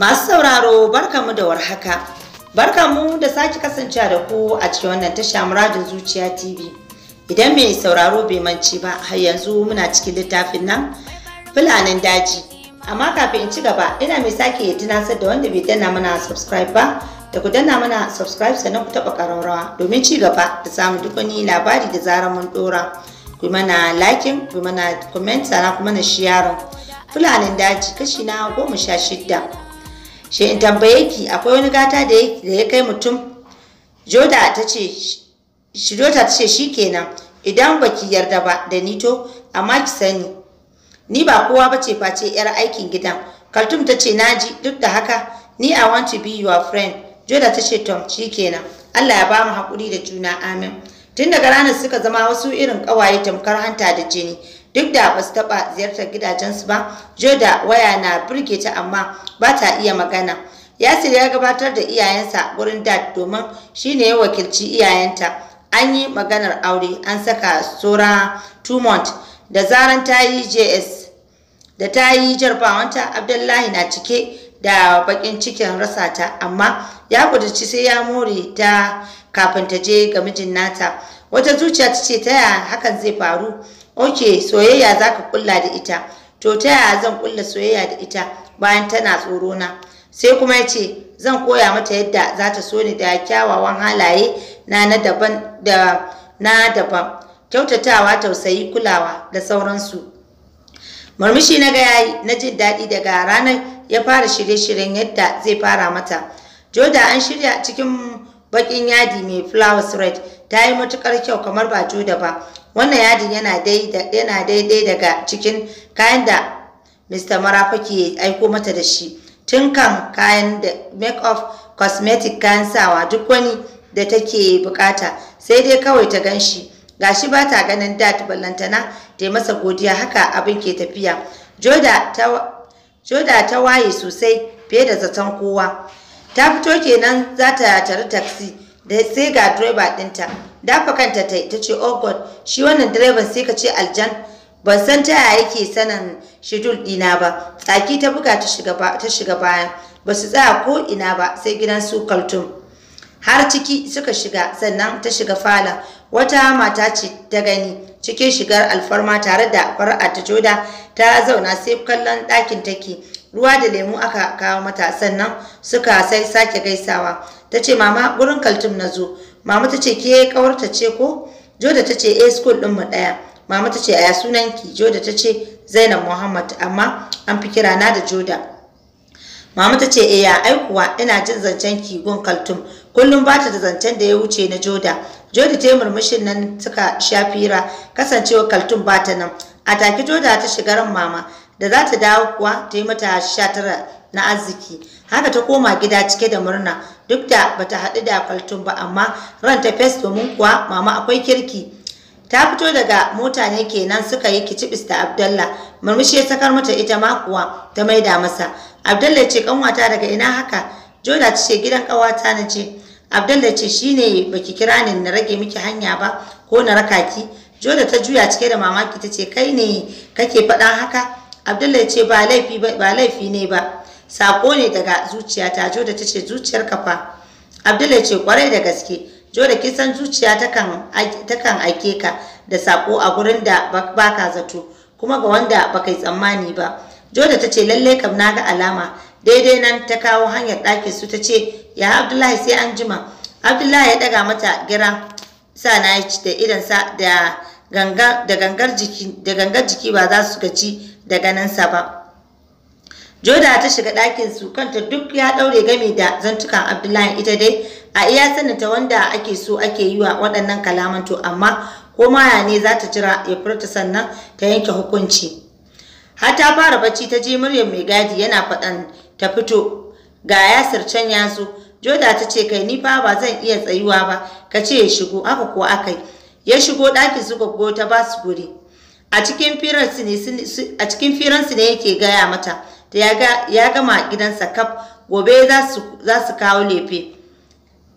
Masu sauraro barkamu da warhaka. Barkamu da sake kasancewa da ku a cikin wannan tasha muradin zuciya TV. Idan mai sauraro bai manci ba har yanzu muna cikin littafin nan fulanin daji. Amma kafin in ci gaba ina mai sake tunasar da wanda bai danna mana subscribe ba da ku danna mana subscribe sannan ku taɓa ƙararrawa domin ci gaba da samu duk wani labari da zarar mun ɗora. Ku mana liking, ku mana comment, sannan ku mana sharing. Fulanin daji kashi na goma sha shidda. shi in tambaye ki akwai wani gata da ya kai mutum joda ta ce shi kenan idan baki yarda ba da ni to amma ki sani ni ba kowa ba ce face yar aikin gidan kaltum ta ce naji duk da haka ni i want to be your friend joda ta ce tom shi kenan allah ya ba mu haƙuri da juna amin tun daga ranar suka zama wasu irin ƙawaye tamkar hanta da jini duk da ba su taɓa ziyartar gidajensu ba jo da waya na birge ta amma ba ta iya magana yasir ya gabatar da iyayensa gurin dad domin shine ya wakilci iyayenta an yi maganar aure an saka sora tumont da zaran ta yi js da ta yi jarbawanta abdullahi na cike da bakin cikin rasa ta amma ya kudurci sai ya more ta kafin ta je ga mijin nata wata zuciya ta ce ta hakan zai faru ok soyayya za ka kulla da ita to ta yaya zan kulla soyayya da ita bayan tana tsoro na sai kuma ya ce zan koya mata yadda za ta so ni da kyawawan halaye na na daban da na daban kyautatawa tausayi kulawa da sauransu murmushi na ga yayi na jin daɗi daga ranar ya fara shirye-shiryen yadda zai fara mata joda an shirya cikin baƙin yadi mai flowers red ta yi matukar kyau kamar ba juda ba wannan yadin yana daidai daga cikin kayan da mr Marafa ke aiko mata da shi tun kan kayan da make Of cosmetic kayan sawa duk wani da take bukata sai dai kawai ta gan shi gashi ba ta ganin dat ballantana ta masa godiya haka abin ke tafiya joda ta waye sosai fiye da zaton kowa ta fito kenan za ta tare taxi da sai ga direba ɗinta dafa kanta tai tace ce oh god shi wannan direban sai ka ce aljan ban san ta yaya yake sanin shidul dina ba tsaki ta buga ta shiga bayan ba su tsaya ko ina ba sai gidan su kaltum har ciki suka shiga sannan ta shiga fala wata mata ce ta gani cikin shigar alfarma tare da far'a ta joda ta zauna sai kallon ɗakin take ruwa da lemu aka kawo mata sannan suka sai sake gaisawa ta ce mama gurin kaltum na zo mama ta ce ke kawarta ce ko joda ta ce a eh, school din mu daya mama ta ce aya sunan ki? joda ta ce zainab muhammad amma an fi kira na da joda mama ta ce eya eh, ai kuwa ina jin zancen ki gun kaltum kullum ba ta da zancen da ya wuce na joda joda ta yi murmushin nan suka shafira kasancewa kaltum ba ta nan a taki, joda ta shiga ran mama da za ta dawo kuwa ta yi mata sha tara na arziki haka ta koma gida cike da murna duk da bata haɗu da kwaltun ba amma ran ta fes domin kuwa mama akwai kirki ta fito daga mota ne kenan suka yi ki da abdallah murmushi ya sakar mata ita ma kuwa ta maida masa abdallah ce kanwata daga ina haka joda ta ce gidan kawata na ce abdallah ce shine baki kira ni na rage miki hanya ba ko na raka ki joda ta juya cike da mamaki ta ce kai ne kake faɗan haka abdullahi ce ba laifi ba laifi ne ba sako ne daga zuciyata joda ta ce zuciyar kafa abdullahi ce kwarai da gaske joda kin san zuciya takan aike ka da sako a gurin da baka zato kuma ga wanda baka yi tsammani ba joda ta ce lallai kam na ga alama daidai nan ta kawo hanyar ɗakin su ta ce ya abdullahi sai an jima abdullahi ya daga mata gira sa na da sa, da gangar jiki ba za su gaji da ganinsa ba joda ta shiga ɗakin su kanta duk ya ɗaure game da zantukan abdullahi ita dai a iya saninta wanda ake so ake yi wa waɗannan kalaman to amma ko maya ne za ta jira ya furta sannan ta yanke hukunci har ta fara bacci ta je muryar mai gadi yana faɗan ta fito ga yasir can ya zo joda ta ce kai ni fa ba zan iya tsayuwa ba ka ce ya shigo haka ko aka ya shigo ɗakin su goggo ta ba su guri a cikin firansu ne yake gaya mata da ya gama gidansa kaf gobe za su kawo lefe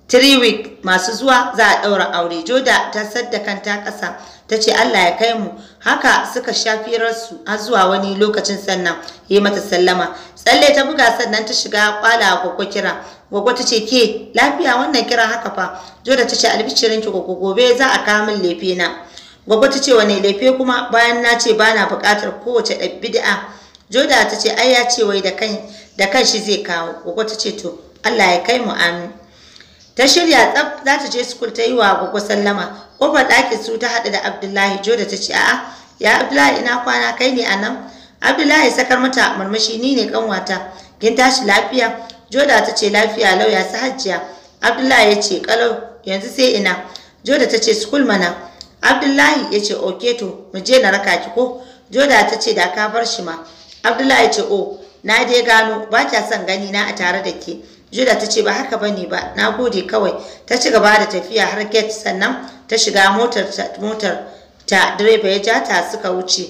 three week masu zuwa za a ɗaura aure joda ta sadda kanta kasa, ta ce allah ya kai mu haka suka sha firarsu har zuwa wani lokacin sannan yi mata sallama tsalle ta buga sannan ta shiga kwala gwaggwa kira gwaggwa ta ce ke lafiya wannan kira haka fa joda ta ce albishirin ki gobe za a kawo min lefe na Gwaggo ta ce wane laife kuma bayan na ce ba na buƙatar kowace bid'a. Joda ta ce ai ya ce wai da kan shi zai kawo. Gwaggo ta ce to Allah ya kai mu amin. Ta shirya tsaf za ta je sukul ta yi wa gwaggo sallama. Kofar ɗakin su ta haɗu da Abdullahi. Joda ta ce a'a ya Abdullahi ina kwana kai ne a nan. Abdullahi sakar mata murmushi ni ne kanwata. Kin tashi lafiya? Joda ta ce lafiya lauya ya su Abdullahi ya ce kalau yanzu sai ina. Joda ta ce sukul mana. abdullahi ya ce oke to mu je na raka ki ko joda ta ce da ka bar shi ma abdullahi ya ce o oh, na dai gano ba kya son gani na a tare da ke joda ta ce ba haka bane ba na gode kawai ta ci gaba da tafiya har gate sannan ta shiga motar motar ta direba ya ja ta suka wuce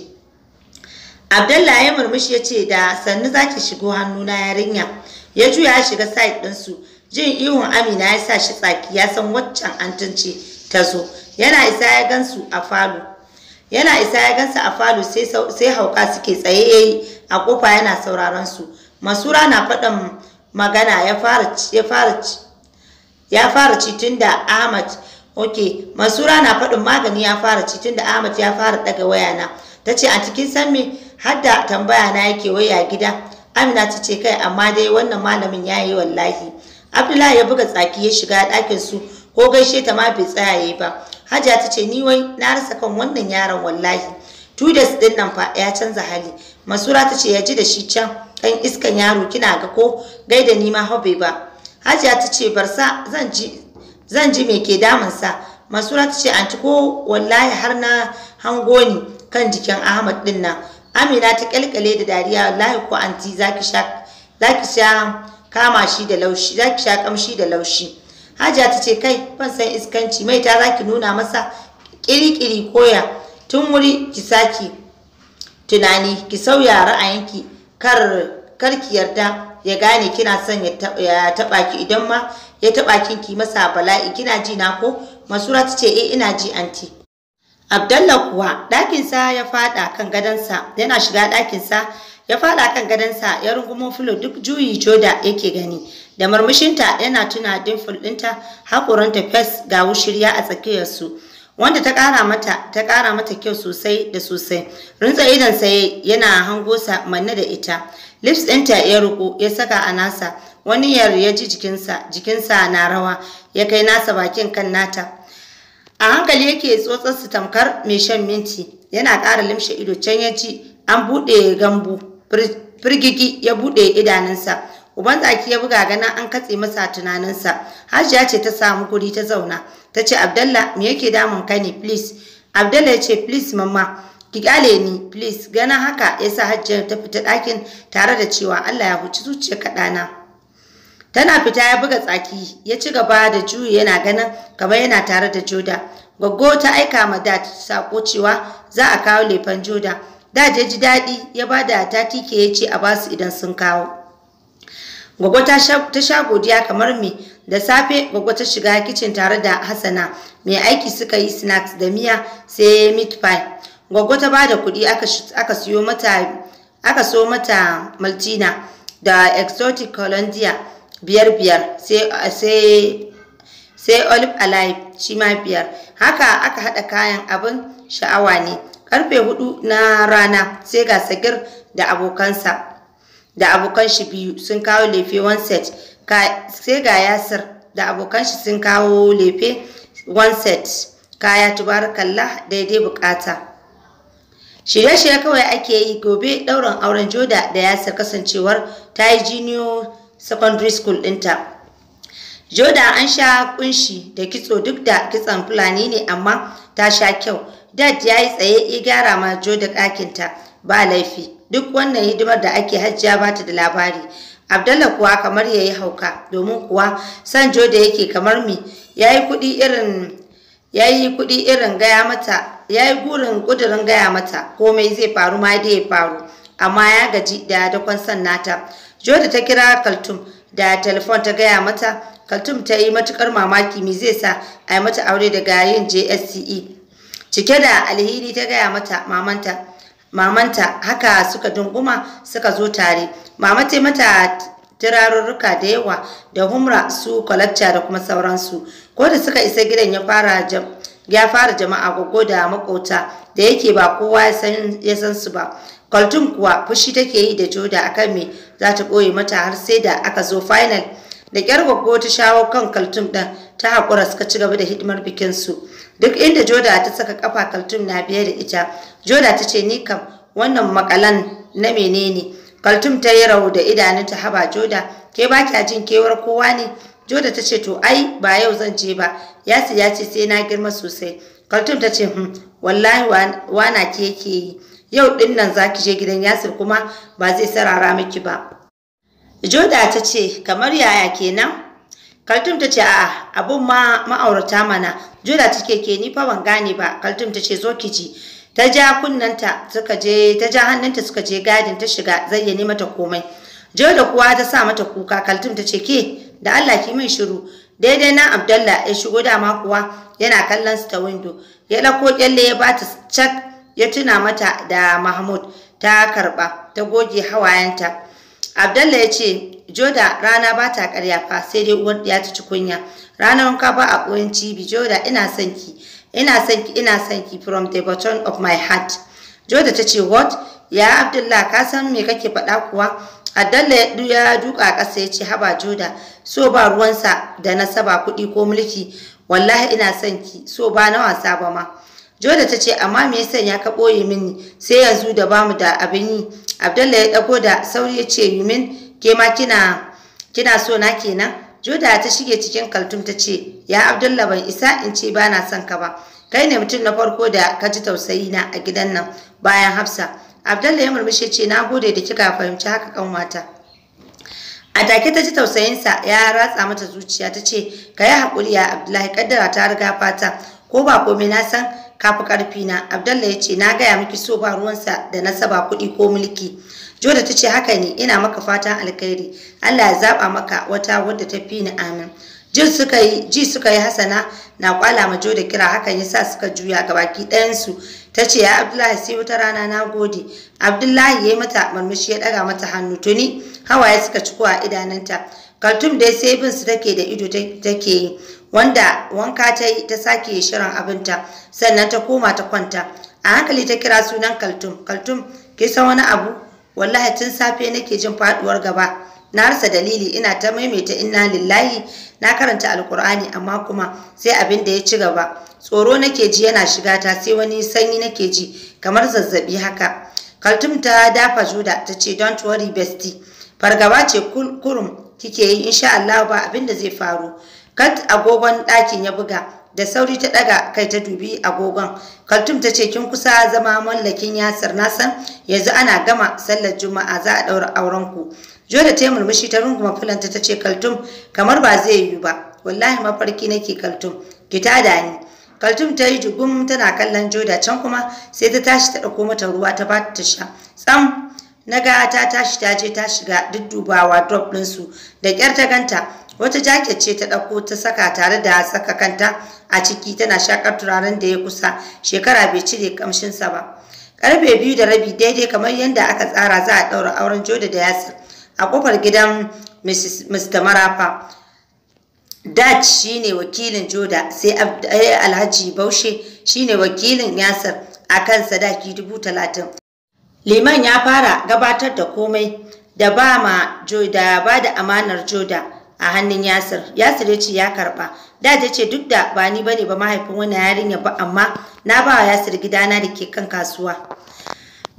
abdullahi ya murmushi ya ce da sannu zaki shigo hannu na yarinya ya juya ya shiga din su. jin ihun amina ya sa shi tsaki ya san waccan antance ta zo yana isa ya gansu a falo yana isa ya gansu a falo sai hauka suke tsaye yayi eh, a kofa yana sauraron su masura na faɗin magana ya fara ya fara ya fara ci tunda Ahmad ok masura na faɗin magani ya fara ci tunda Ahmad ya fara daga waya na tace a cikin sanmi hadda tambaya na yake waya gida Amina ta ce kai amma dai wannan malamin yayi wallahi Abdullahi ya buga tsaki ya shiga ɗakin su ko gaishe ta ma bai tsayaye ba hajiya ta ce ni wai na rasa kan wannan yaron wallahi tudas din nan fa ya canza hali masura ta ce ya ji da shi can dan iskan yaro kina ga ko gaida ni ma hobe ba hajiya ta ce barsa zan ji zan ji me ke sa masura ta ce anti ko wallahi har na hango ni kan jikin ahmad din nan amina ta kyalkyale da dariya wallahi ko anti zaki sha zaki sha kama shi da laushi zaki sha kamshi da laushi hajiya ta ce kai ban san iskanci mai ta za ki nuna masa kirikiri koya tun wuri ki saki tunani ki sauya ra'ayinki kar kar ki yarda ya gane kina son ya taɓa ki idan ma ya taɓa kin ki masa bala'i kina ji na ko masura ta ce eh ina ji anti Abdallah kuwa ɗakinsa ya faɗa kan gadonsa yana shiga ɗakinsa ya faɗa kan gadonsa ya rungumo filo duk juyi joda yake gani da marmishinta yana tuna dimfil ɗinta haƙoranta fes ga wushirya a tsakiyarsu wanda ta ƙara mata ta ƙara mata kyau sosai da sosai rintsa idan saye yana hango sa manne da ita lips ɗinta ya ruku ya saka a nasa wani yar ya ji jikinsa jikinsa na rawa ya kai nasa bakin kan nata a hankali yake tsotsar su tamkar mai shan minti yana ƙara limshe ido can ya ji an buɗe gambu firgigi ya buɗe idanunsa uban tsaki ya buga ganin an katse masa tunaninsa hajiya ce ta samu guri ta zauna ta ce abdalla me yake damun ka ne please abdalla ya ce please mamma ki kale ni please ganin haka yasa hajjiyar ta fita ɗakin tare da cewa allah ya huci zuciyar kaɗana. tana fita ya buga tsaki ya ci gaba da juyi yana ganin kamar yana tare da joda Goggo ta aika ma dat sako cewa za a kawo lefen joda dat ya ji daɗi ya ba da ta tike ya ce a basu idan sun kawo Gwaggo ta sha godiya kamar me da safe gwaggo ta shiga kicin tare da Hassana mai aiki suka yi snacks da miya sai meat pie. Gwaggo ta da kuɗi aka aka so mata Maltina da Exotic Colombia biyar biyar sai olive alive shi ma biyar haka aka haɗa kayan abin sha'awa ne karfe hudu na rana sai ga sagir da abokansa da abokan shi biyu sun kawo lefe one set sai ga yasir da abokan shi sun kawo lefe one set kaya tubarakallah daidai bukata shirye-shirye kawai ake yi gobe dauran auren joda da yasir kasancewar ta yi jiniyo secondary school ɗinta joda an sha kunshi da kitso duk da kitson fulani ne amma ta sha kyau dad ya yi tsaye ya gyara ma joda ɗakinta ba laifi duk wannan hidimar da ake hajjiya ba ta da labari abdallah kuwa kamar ya yi hauka domin kuwa san joda yake kamar mi ya yi kuɗi irin ya yi kuɗi irin gaya mata ya yi gurin ƙudurin gaya mata komai zai faru ma dai ya faru amma ya gaji da dakon san nata Jodi ta kira Kaltum da telefon ta gaya mata Kaltum ta yi matukar mamaki mai zai sa a yi mata aure daga yin JSCE. Cike da alhiri ta gaya mata mamanta mamanta haka suka dunguma suka zo tare mama ta mata turarurruka da yawa da humra su kwalacca da kuma sauransu ko da suka isa gidan ya fara ya fara jama'a gogo da makota da yake ba kowa ya san su ba kaltum kuwa fushi take yi da joda akan me za ta ɓoye mata har sai da aka zo final da kyar gwaggo ta shawo kan kaltum ɗin ta haƙura suka ci gaba da hidimar bikinsu duk inda joda ta saka kafa kaltum na biye da ita joda ta ce ni kam wannan makalan na menene kaltum ta yi rawo da ta haba joda ke ba kya jin kewar kowa ne joda ta ce to ai ba yau zan je ba yasi ya ce sai na girma sosai kaltum ta ce hmm, wallahi wana ke yake yi yau din nan za ki je gidan Yasir kuma ba zai sarara miki ba. Joda ta ce, kamar yaya kenan? Kaltum ta ce, a'a, abun ma ma'aurata mana. Joda ta ke ke ni fa ban gane ba. Kaltum ta ce, zo ki ji. Ta ja kunnanta suka je, ta ja hannunta suka je gadin ta shiga zayyane mata komai. Joda kuwa ta sa mata kuka, Kaltum ta ce, ke, da Allah ki min shiru. daidai na abdallah ya shigo dama kuwa yana kallon su ta windo ya ɗauko kyalle ya bata cak ya tuna mata da Mahmud ta karba ta goge hawayenta. Abdallah ya ce, Joda rana ba ta karya fa sai dai uwar ya ci kunya. Ranar wanka ba a koyon cibi, Joda ina son ki, ina son ki, ina son from the bottom of my heart. Joda ta ce, what? Ya Abdullah ka san me kake faɗa kuwa? Abdallah ya duka ƙasa ya ce, haba Joda, so ba ruwansa da nasaba kuɗi ko mulki, wallahi ina son ki, so ba na wasa ba ma. Joda ta ce amma me yasa ya ka boye mini sai yanzu da bamu da abin yi. Abdullahi ya dago da sauri ya ce yumin ke ma kina kina so na kenan. Joda ta shige cikin kaltum ta ce ya Abdullahi, ban isa in ce ba na son ka ba. Kai ne mutum na farko da ka ji tausayi na a gidan nan bayan Hafsa. Abdullahi ya murmushi ce na gode da kika fahimci haka kanwata. a take ta ji tausayinsa ya ratsa mata zuciya ta ce ka yi haƙuri ya abdullahi kaddara ta riga fata ko ba komai na san kafi karfi na abdalla ya ce na gaya miki so ba ruwansa da nasaba kuɗi ko mulki joda ta ce haka ne ina maka fatan alkhairi allah ya zaɓa maka wata wadda ta fi ni amin ji suka yi ji suka yi hasana na kwala ma joda kira hakan sa suka juya ga baki ɗayansu ta ce ya abdullahi sai wata rana na gode abdullahi ya yi mata murmushi ya ɗaga mata hannu tuni hawaye suka ciko a idananta kaltum dai sai bin su take da ido take yi wanda wanka ta yi ta sake shirin abinta sannan ta koma ta kwanta a hankali ta kira sunan kaltum kaltum ke san wani abu wallahi tun safe nake jin faduwar gaba na rasa dalili ina ta maimaita inna lillahi na karanta alkur'ani amma kuma sai abin da ya ci gaba tsoro nake ji yana shiga ta sai wani sanyi nake ji kamar zazzabi haka kaltum ta dafa juda ta ce don worry bestie fargaba ce kurum kike yi insha Allah ba abin da zai faru kat agogon ɗakin ya buga da sauri ta ɗaga kai ta dubi agogon kaltum ta ce kin kusa zama mallakin yasir na san yanzu ana gama sallar juma'a za a ɗaura aurenku jola ta yi murmushi ta runguma filanta ta ce kaltum kamar ba zai yiwu ba wallahi mafarki nake kaltum ki da ni kaltum ta yi jugum tana kallon joda can kuma sai ta tashi ta ɗauko mata ruwa ta ba ta sha tsam na ga ta tashi ta je ta shiga duddubawa drop ɗinsu da ƙyar ta ganta wata jaket ce ta ɗauko ta saka tare da saka kanta a ciki tana shakar turaren da ya kusa shekara bai cire kamshinsa ba karfe biyu da rabi daidai kamar yadda aka tsara za a ɗaura auren joda da yasir a kofar gidan mr marafa dutch shine wakilin joda sai eh, alhaji baushe shine wakilin yasir a kan sadaki dubu talatin liman ya fara gabatar da komai da ba ma ba da amanar joda a hannun Yasir. Yasir ya ce ya karba. Da ta ce duk da ba ni bane ba mahaifin wannan yarinya ba amma na ba wa Yasir gidana da ke kan kasuwa.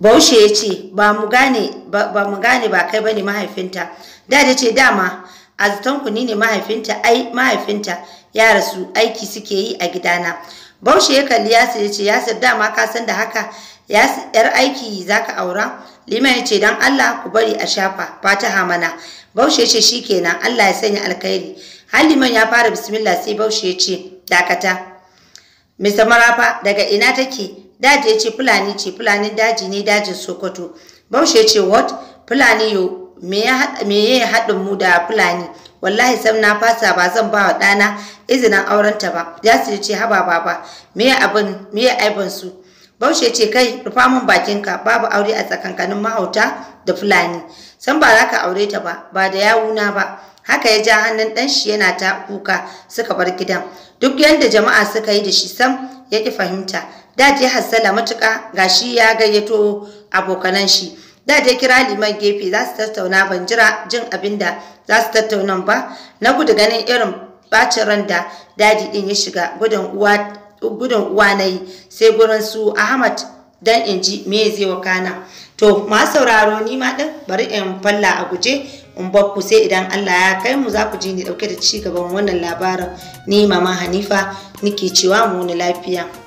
Baushe ya ce ba mu gane ba mu ba kai bane mahaifinta. Da ta ce dama a zaton ni ne mahaifinta ai mahaifinta ya rasu aiki suke yi a gidana. Baushe ya kalli Yasir ya ce Yasir dama ka san da haka Ya yar aiki za ka aura liman ya ce don allah ku bari a shafa fataha mana baushe ce shi kenan allah ya sanya alkhairi har ya fara bismillah sai baushe ya ce dakata mr marafa daga ina take daji ya ce fulani ce fulanin daji ne dajin sokoto baushe ya ce what fulani yo me ya haɗin mu da fulani wallahi sam na fasa ba zan ba wa ɗana izinin aurenta ba ya ce haba ba. me abin me aibin su Bahaushe ce kai rufa min ka babu aure a tsakankanin mahauta da Fulani. San ba za ka aure ta ba, ba da yawuna ba. Haka ya ja hannun ɗan shi yana ta kuka suka bar gidan. Duk yadda jama'a suka yi da shi sam ya ƙi fahimta. Da je hassala matuƙa gashi ya gayyato abokanan shi. Da je kira liman gefe za su tattauna ban jira jin abin da za su tattauna ba. Na gudu ganin irin bacin ran da dadi ɗin ya shiga gudun uwa gudun uwa na yi sai gurin su ahmad dan in ji me zai wakana to ma sauraro ni ma din bari in falla a guje in ku sai idan Allah ya kai mu za ku ji ni dauke da ci gaban wannan labarin ni mama Hanifa nike cewa mu wani lafiya